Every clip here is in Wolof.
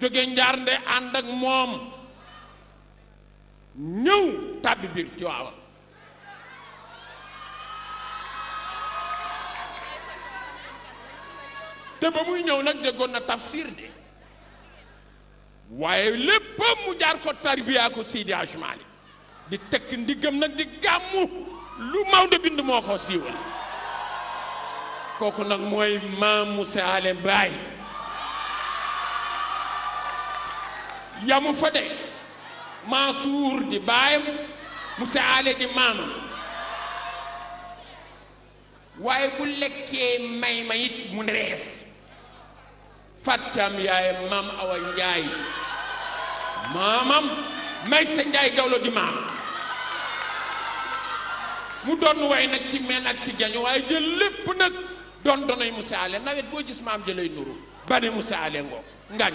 jóge njaarnde ànd ak moom ñëw tàbbi biir Tiwaawan te ba muy ñëw nag déggoon na tafsir de waaye lépp mu jaar ko tarbiyaa ko Seydi Hadji di tekk ndiggam nag di gàmmu lu Maodo bind moo ko siiwal kooku nag mooy maamu Saale Baay yamu fa de Mansour di baayam Moussa Ale di maamam waaye bu lekkee may ma mu rees fàttam yaayam maam Awa Njaay maamam may sa Njaay gawlo di maamam mu doon way nag ci meen ak ci jañu waaye jël lépp nag doon donay Moussa Ale nawet boo gis maam jëlay nuru bari Moussa Ale ngoog ngañ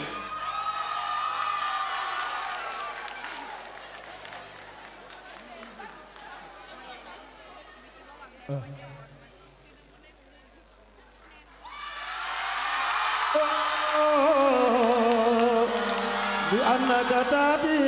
بأنك تأتي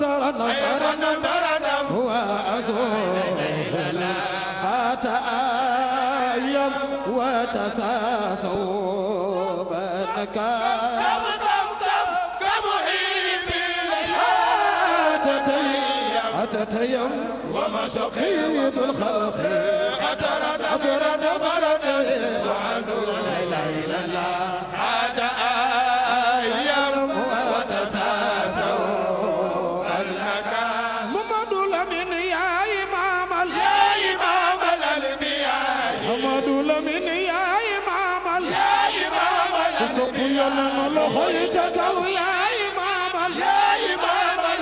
ترنم ترنم ترنم هو أزول أتأيم وتساسوا بالكام أتتيم وما سخيم الخلق أترنم أترنم أترنم وعزول لا إله إلا الله nanu loxo yi ca kaw yaa imaamal yaa imaamal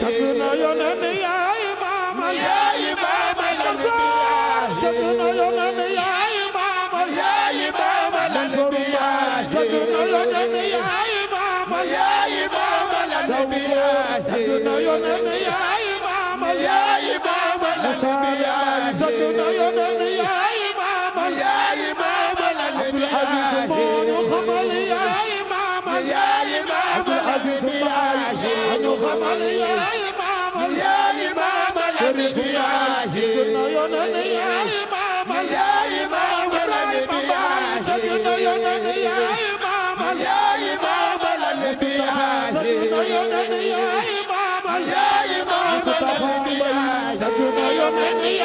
Yeah. الانبياء تدنا يونان يا امام يا امام الانبياء تدنا يونان يا امام يا امام الانبياء عبد العزيز خمل يا امام يا امام العزيز خمل يا امام يا امام الانبياء تدنا يونان يا امام يا امام الانبياء تدنا يونان Hallelujah.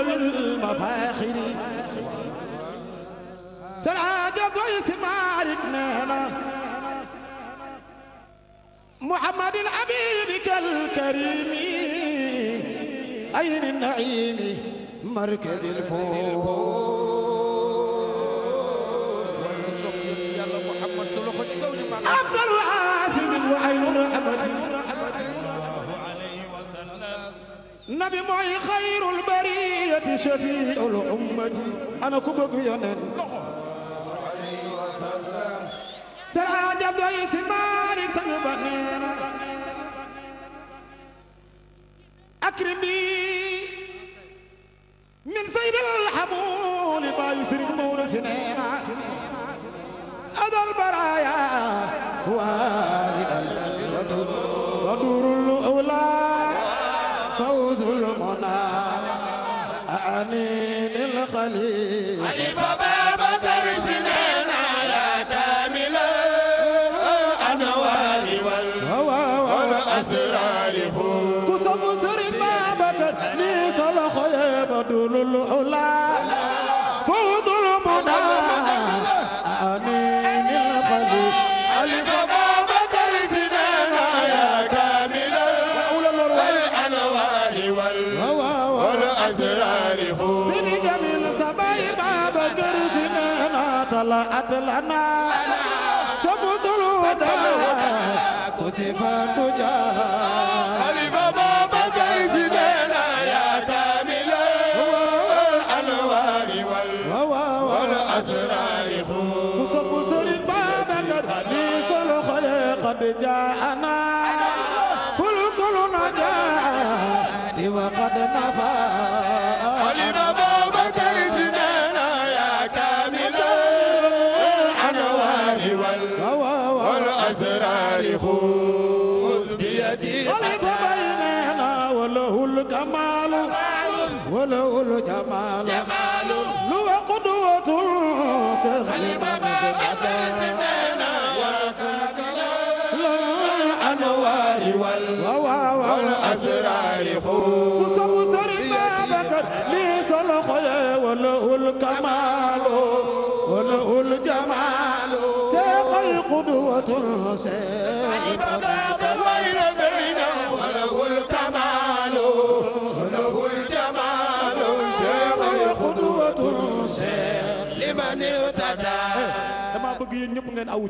المفاخر سرعاد قيس معرف نانا محمد الحبيب كالكريم أين النعيم مركز الفوز nabi mooy xayrul bariyati shafiul ummati ana ku bëgg yonen sera jabdoy si maari sang ba neena akrimi min saydil xamuli baayu sëriñ Mawdo si neena adal baraya wa duurul Mustafa Duja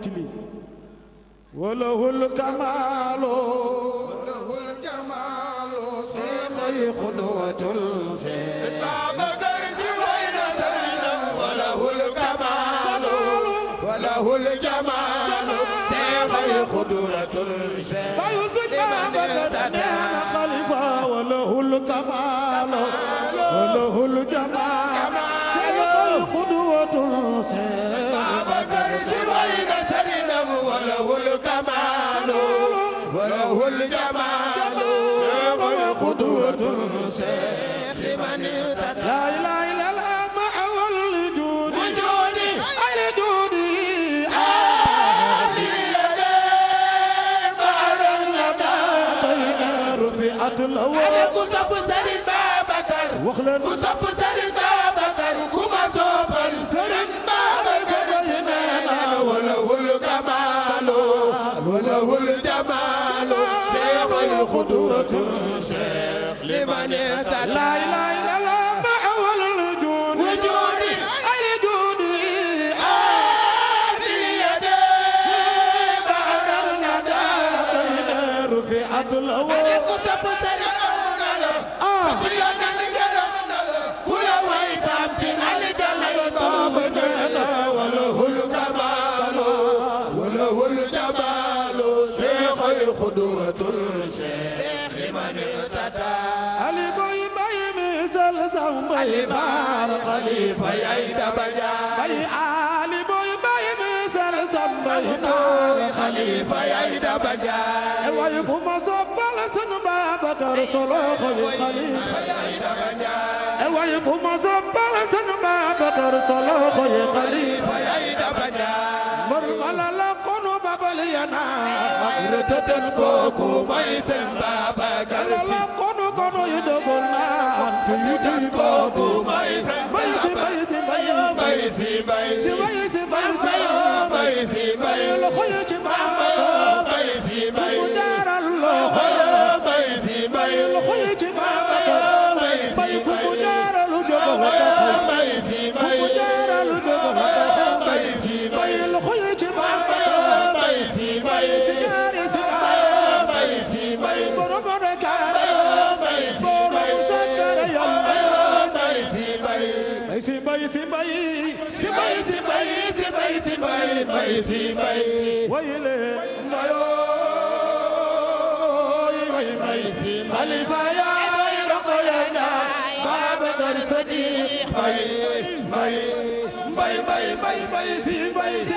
ñëw ci lii walahul kamaalo walahul kamaalo seexay xudwatul seexabakar si way na sallam walahul kamaalo walahul kamaalo seexay xudwatul bayu sëñ Babacar nee na xalifa walahul kamaalo walahul kamaalo soxla ku sopp Sëriñ Babacar ku ma soppal Sëriñ Babacar si neena wala wul kamaalo wala wul jamaalo seexal xudratu seex li ma ne talaay maar xalifa yay daba jaay bay aali boy bay mi salsal bay naar xalifa yay daba jaay e way bu ma soppal sëñ Babacar solo xalifa yay daba jaay e way bu ma soppal sëñ Babacar solo xalifa yay daba jaay mar ma la la kono babal yana rëtëtën kooku mooy sëñ Babacar e si kono kono yu dogal na bay si bay si si bay si bay si bay si bay si bay bay si bay way leen ndayooy bay si xalifa yaay roqoya njaay Babacar Sadiq bay bay bay bay bay si bay si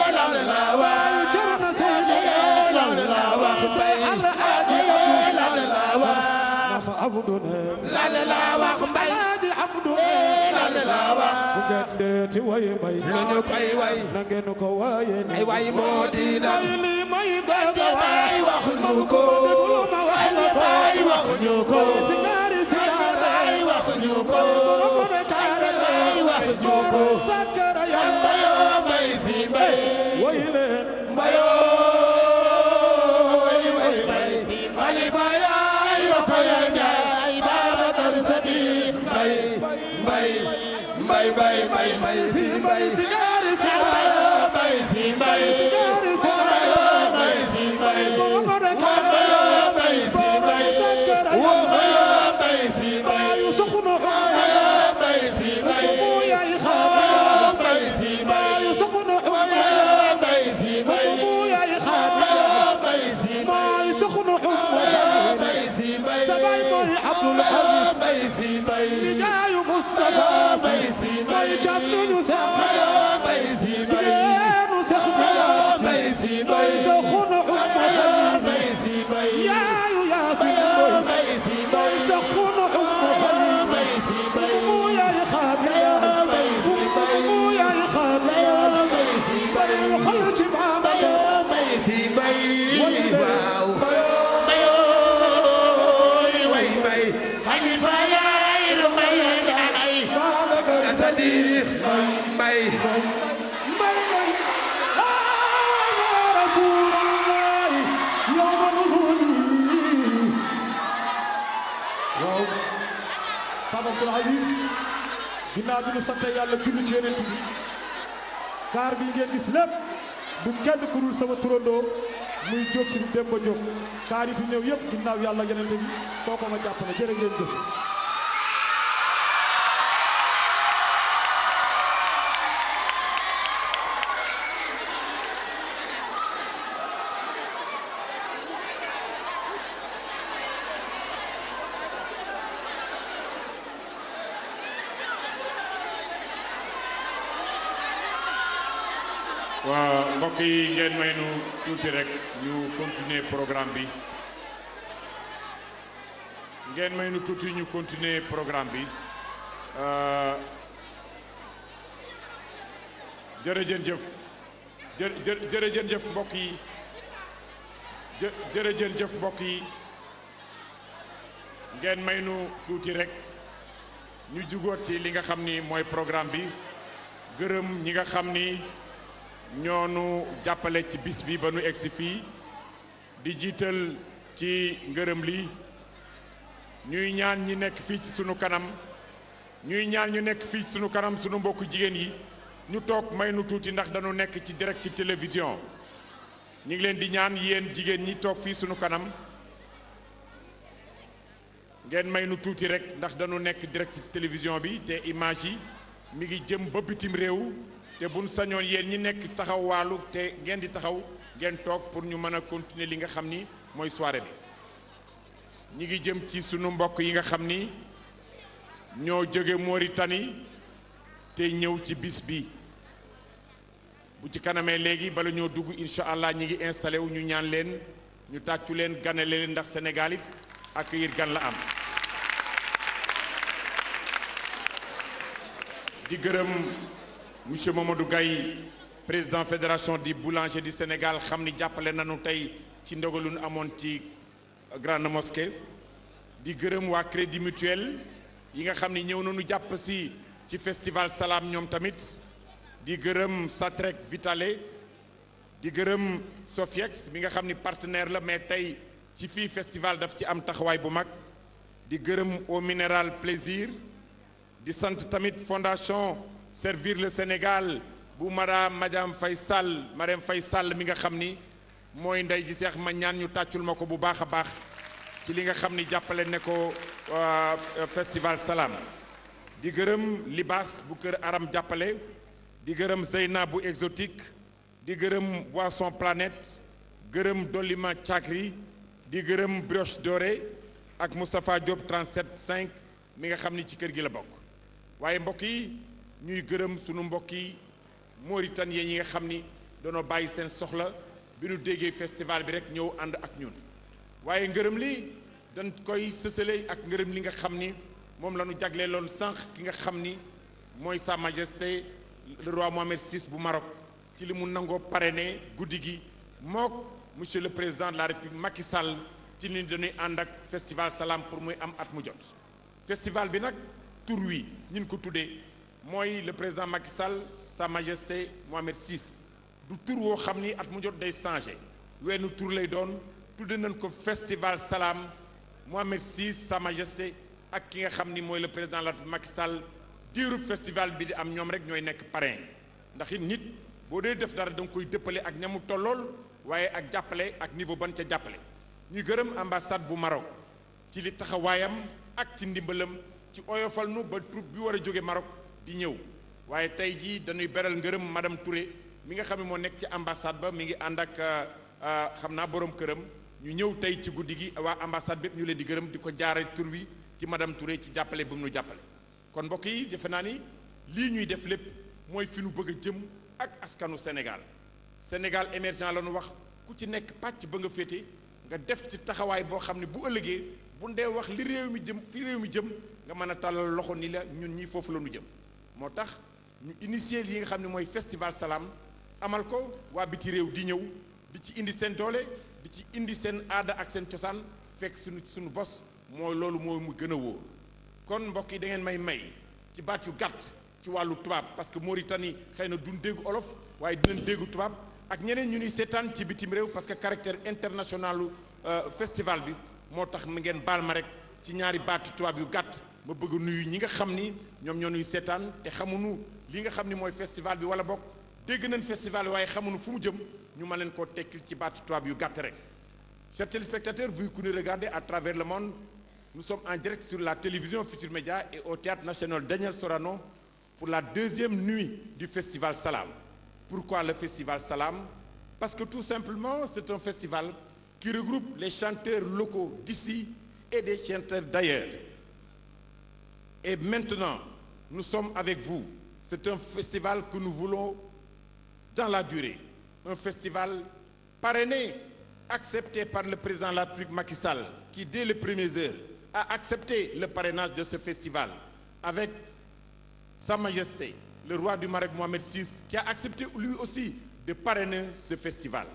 abduna lan la wax mbay di abduna lan la wax bu ngeen deeti way mbay lu ñu koy way na ngeen ko waaye ay way moo di la li may bëgg way wax ñu ko way li bay wax ñu ko sigari sigari wax ñu ko way wax ñu ko sakara ya mbay si mbay way leen ginnaaw bi ñu sante ci yeneen bi ngeen gis lépp du kenn ku dul sama turandoo muy Diop Sy Demba Diop kaar yi fi ñëw yëpp ginnaaw yàlla yeneen bi kooku ma jàppale jërë ngeen jëf yi ngeen may nu tuuti rek ñu continuer programme bi ngeen may nu tuuti ñu continuer programme bi euh, jërëjën jëf jërëjën jëf mbokk yi jërëjën jëf mbokk yi ngeen may nu tuuti rek ñu jugoot ci li nga xam ni mooy programme bi gërëm ñi nga xam ni ñoo nu jàppale ci bis bi ba nu egsi fii di jiital ci ngërëm li ñuy ñaan ñi nekk fii ci sunu kanam ñuy ñaan ñu nekk fii ci sunu kanam sunu mbokku jigéen yi ñu toog may nu tuuti ndax dañu nekk ci direct ci télévision ñu ngi leen di ñaan yéen jigéen ñi toog fii sunu kanam ngeen may nu tuuti rek ndax dañu nekk direct ci télévision bi te image yi mi ngi jëm ba bitim réew te buñ sañoon yéen ñi nekk taxaw waalu te ngeen di taxaw ngeen toog pour ñu mën a continuer li nga xam ni mooy soirée bi ñi ngi jëm ci sunu mbokk yi nga xam ni ñoo jóge Mauritanie te ñëw ci bis bi bu ci kanamee léegi bala ñoo dugg incha allah ñi ngi installé wu ñu ñaan leen ñu tàccu leen ganale leen ndax Sénégal ak accueillir gan la am di gërëm monsieur Mamadou gay président fédération di boulanger di Sénégal xam ni jàppale nañu tey ci ndogalu nu amoon ci grande mosquée di gërëm waa crédit mutuel yi nga xam ni ñëw nanu jàpp si ci festival salaam ñoom tamit di gërëm Satrec Vitale di gërëm Sofiex bi nga xam ni partenaire la mais tey ci fii festival daf ci am taxawaay bu mag di gërëm Eau Minérale Plaisir di sant tamit fondation servir le Sénégal bu madame madame fay Sall Marème Faye Sall mi nga xam ni mooy ndey ji seex ma ñaan ñu tàccul ma ko bu baax a baax ci li nga xam ni jàppale ne ko euh, festival Salam di gërëm libaas bu kër aram jàppale di gërëm Zeyna bu exotique di gërëm Boisson Planète gërëm Dolima Chakri di gërëm Brioche Dorée ak Moustapha Diop 37 cinq mi nga xam ni ci kër gi la bokk waaye mbokk ñuy gërëm suñu mbokk yi Mauritanie yi nga xam ni danoo bàyyi seen soxla bi nu déggee festival bi rek ñëw ànd ak ñun waaye ngërëm li dañ koy sësale ak ngërëm li nga xam ni moom la ñu jagleeloon sànq ki nga xam ni mooy Sa Majesté le roi Mohamed VI bu Maroc ci li mu nangoo ne guddi gi mook monsieur le président de la république Macky Sall ci li dañuy ànd ak festival salaam pour muy am at mu jot festival bi nag tur wi ñin ko tuddee mooy le président Macky Sall sa majesté Mohamed VI du tur woo xam ni at mu jot day changé wenn tour lay doon tudde nañ ko festival salaam Mohamed VI sa majesté ak ki nga xam ni mooy le président la Macky Sall diiru festival bi di am ñoom rek ñooy nekk parrain ndax it nit boo dee def dara da nga koy dëppale ak ñamu tollool waaye ak jàppale ak niveau ban ca jàppale ñuy gërëm ambassade bu Maroc ci li taxawaayam ak ci ndimbalam ci oyofal nu ba troupe bi war a jóge Maroc di ñëw waaye tey jii dañuy beral ngërëm madame Touré mi nga xam ne moo nekk ci ambassade ba mi ngi ànd ak euh, euh, xam naa borom këram ñu ñëw tey ci guddi gi waa ambassade bépp ñu leen di gërëm di ko jaare tur wi ci madam Touré ci jàppale bu mu nu jàppale kon mbokk yi jëfe naa ni lii ñuy def lépp mooy fi nu bëgg jëm ak askanu Sénégal Sénégal émergent la ñu wax ku ci nekk pàcc ba nga féete nga def ci taxawaay boo xam ne bu ëllëgee bu dee wax li réew mi jëm fi réew jëm nga mën a tàllal loxo ni la ñun ñi foofu la ñu jëm moo tax ñu initier yi nga xam ne mooy festival salaam amal ko waa biti réew di ñëw di ci indi seen doole di ci indi seen aada ak seen cosaan fekk suñu sunu bos mooy loolu moo mu gën a wóor kon mbokk yi da ngeen may may ci baat yu gàtt ci wàllu tubaab parce que Mauritanie xëy na duñ déggu olof waaye dinañ déggu tubaab ak ñeneen ñu ni seetaan ci bitim réew parce que caractère international euh, festival bi moo tax mu ngeen baal ma rek ci ñaari baatu tubaab yu gàtt ma bëgg nuyu ñi nga xam ni ñoom ñoo nuy seetaan te xamuñu li nga xam ni mooy festival bi wala bokk dégg nañ festival bi waaye xamuñu fu mu jëm ñu ma leen koo tekkil ci baatu tubaab yu gàtt rek. Chers téléspectateurs, vous qui nous regardez à travers le monde, nous sommes en direct sur la télévision Futur Média et au Théâtre National Daniel Sorano pour la deuxième nuit du Festival Salam. Pourquoi le Festival salaam Parce que tout simplement, c'est un festival qui regroupe les chanteurs locaux d'ici et des chanteurs d'ailleurs. Et maintenant, nous sommes avec vous. C'est un festival que nous voulons dans la durée. Un festival parrainé, accepté par le président de la République Macky Sall, qui dès les premières heures a accepté le parrainage de ce festival avec Sa Majesté, le roi du Maroc Mohamed VI, qui a accepté lui aussi de parrainer ce festival.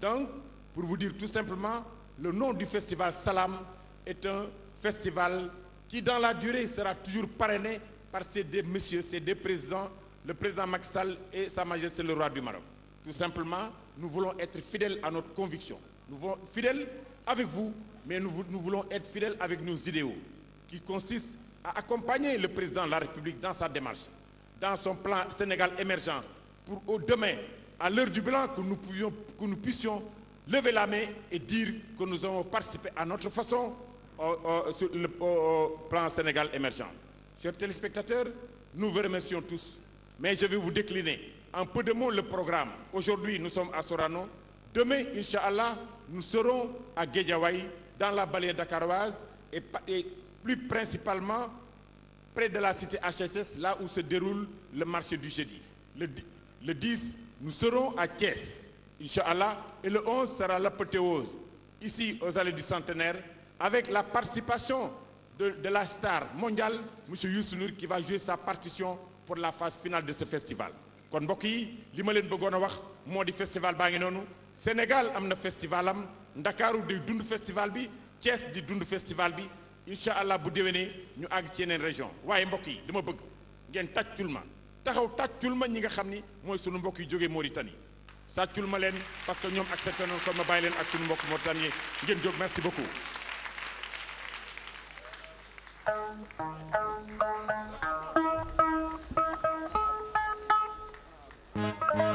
Donc, pour vous dire tout simplement, le nom du festival salaam est un festival qui dans la durée sera toujours parrainé par ces deux messieurs, ces deux présidents, le président Macky Sall et Sa Majesté le roi du Maroc. Tout simplement, nous voulons être fidèles à notre conviction. Nous voulons être fidèles avec vous, mais nous, nous voulons être fidèles avec nos idéaux, qui consistent à accompagner le président de la République dans sa démarche, dans son plan Sénégal émergent, pour au demain, à l'heure du blanc, que nous, pouvions, que nous puissions lever la main et dire que nous avons participé façon au, au, sur le, au, plan Sénégal émergent. Chers téléspectateurs, nous vous remercions tous, mais je vais vous décliner en peu de mots le programme. Aujourd'hui, nous sommes à Sorano. Demain, allah nous serons à Guédiawaï, dans la balai dakaroise et, et plus principalement près de la cité HSS, là où se déroule le marché du jeudi. Le, le 10, nous serons à Thiès, Inch'Allah, et le 11 sera l'apothéose, ici aux allées du centenaire, avec la participation de, de la star mondial monsieur Youssou Ndour qui va jouer sa partition pour la phase finale de ce festival kon mbokk yi li ma leen bëggoon a wax moo di festival baa ngi noonu Sénégal am na festivalam Ndakaaru di dund festival bi Thiès di dund festival bi incha allah bu déwénee ñu àgg ci yeneen région waaye mbokk yi dama bëgg ngeen tàccul ma taxaw tàccul ma ñi nga xam ni mooy sunu mbokk yu jógee Mauritanie tàccul ma leen parce que ñoom accepté noonu kon ma leen ak mbokk Mauritanie ngeen jóg merci beaucoup Thank you.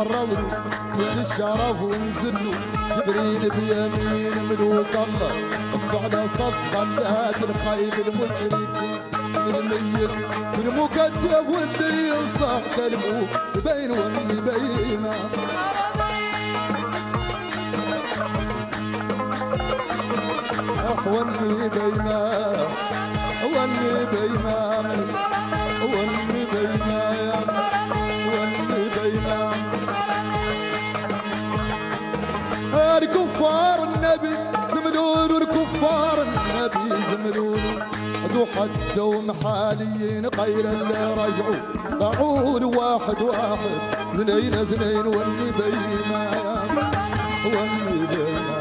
الرضلو زين الشرف ونزلو جبريل بيمين ملوك الله بعد صدقة لا تنقيب المشرك الميت المكتف واللي ينصح كلمه يبين واللي بينه واللي بينه واللي بينه واللي وخدوا محاليين غير اللي رجعوا ضاعوا لواحد واحد اثنين اثنين واللي بينا واللي بينا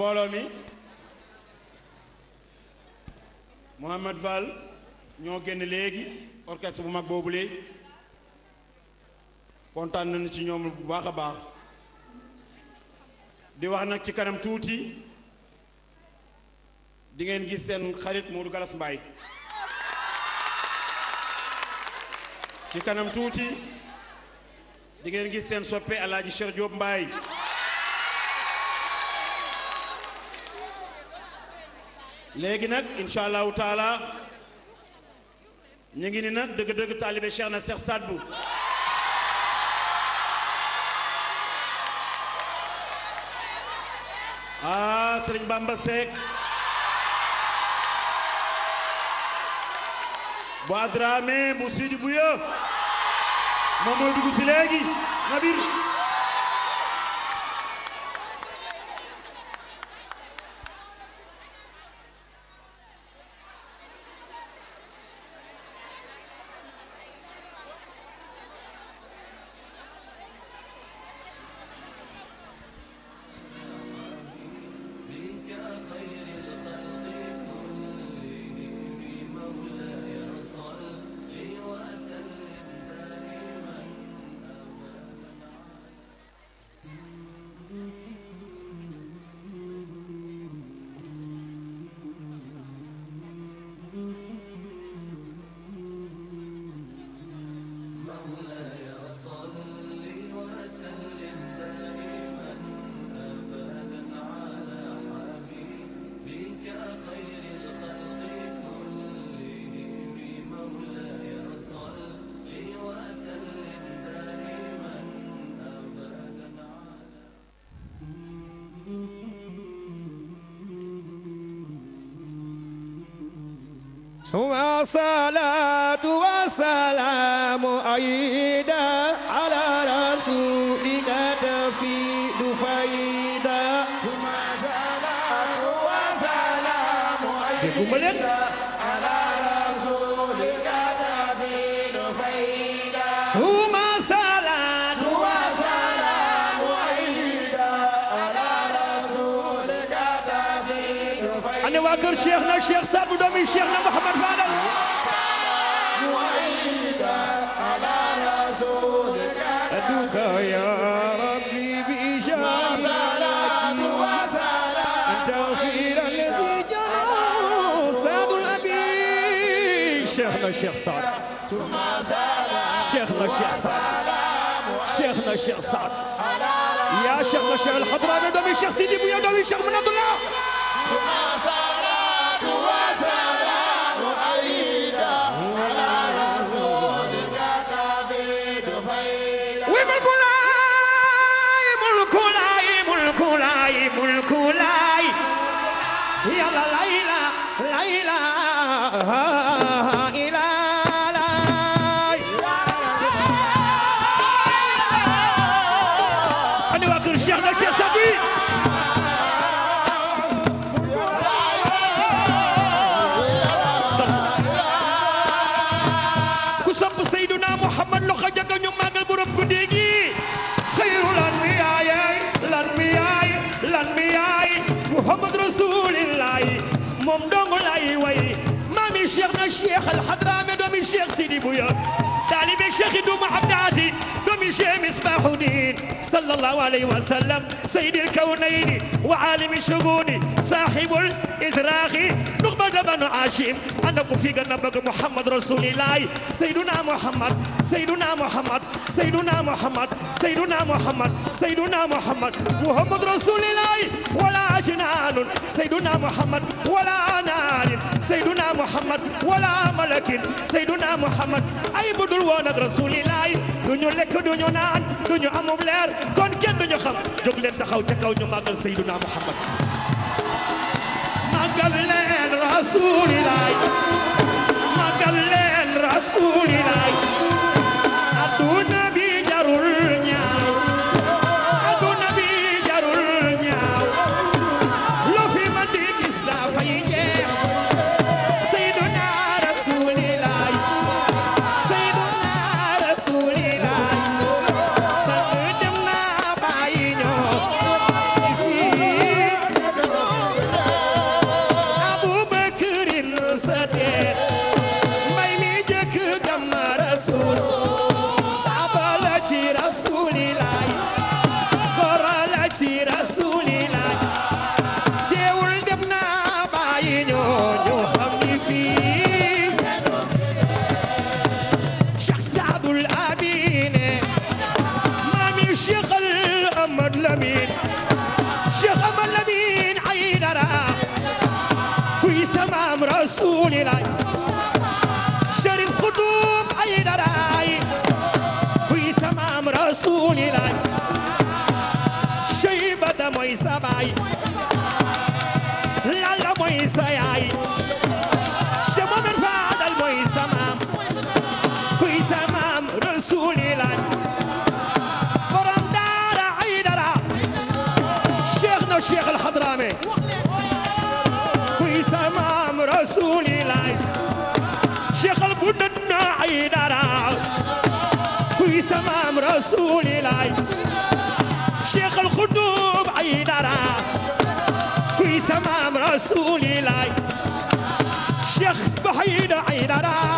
mbooloo mi Mouhamed Fall ñoo génn léegi orchestre bu mag boobu léegi kontaan nañu ci ñoom bu baax a baax di wax nag ci kanam tuuti di ngeen gis seen xarit moo Modou Galas mbaay ci kanam tuuti di ngeen gis seen soppe Alaaji Cheikh Diop Mbaye léegi nag incha allahu taala ñu ngi ni nag dëgg-dëgg taalibe Cheikh na Cheikh Sadbu ah Sëriñ Bamba Seck bu Adraame bu Sidi Buya mooy dugg si léegi Nabir ثم صلاة وسلام أيدا على رسولك تفيد فيدا ثم صلاة وسلام أيدا على رسولك تفيد فيدا ثم صلاة وسلام أيدا على رسولك تفيد فيدا أنا واكر شيخنا الشيخ سابو دومي شيخنا Cheikh Saad Cheikhna Cheikh Saad yaa Cheikhna Cheikh al Hadrami doomi Cheikh Sidi bu yaa doomi Cheikh Mouhamadoul cheikh alxadraame doomi cheikh sidi buya taalibe cheikh duma abdaati doomi cheikh misbahuddin sallallahu alayhi wa sallam sayyidil kawnayni wa alimi shuhudi sahibul izrahi nuqbada banu hashim anda ko figa nabag muhammad rasulillahi sayyiduna muhammad sayyiduna muhammad سيدنا محمد سيدنا محمد سيدنا محمد محمد رسول الله ولا جنان سيدنا محمد ولا نار سيدنا محمد ولا ملك ay budul woon ak rasulilaay du ñu lekk du naan du ñu kon kenn du xam jóg leen ca kaw ñu màggal Seyduna Muhammad màggal leen rasulilaay màggal leen rasulilaay Sara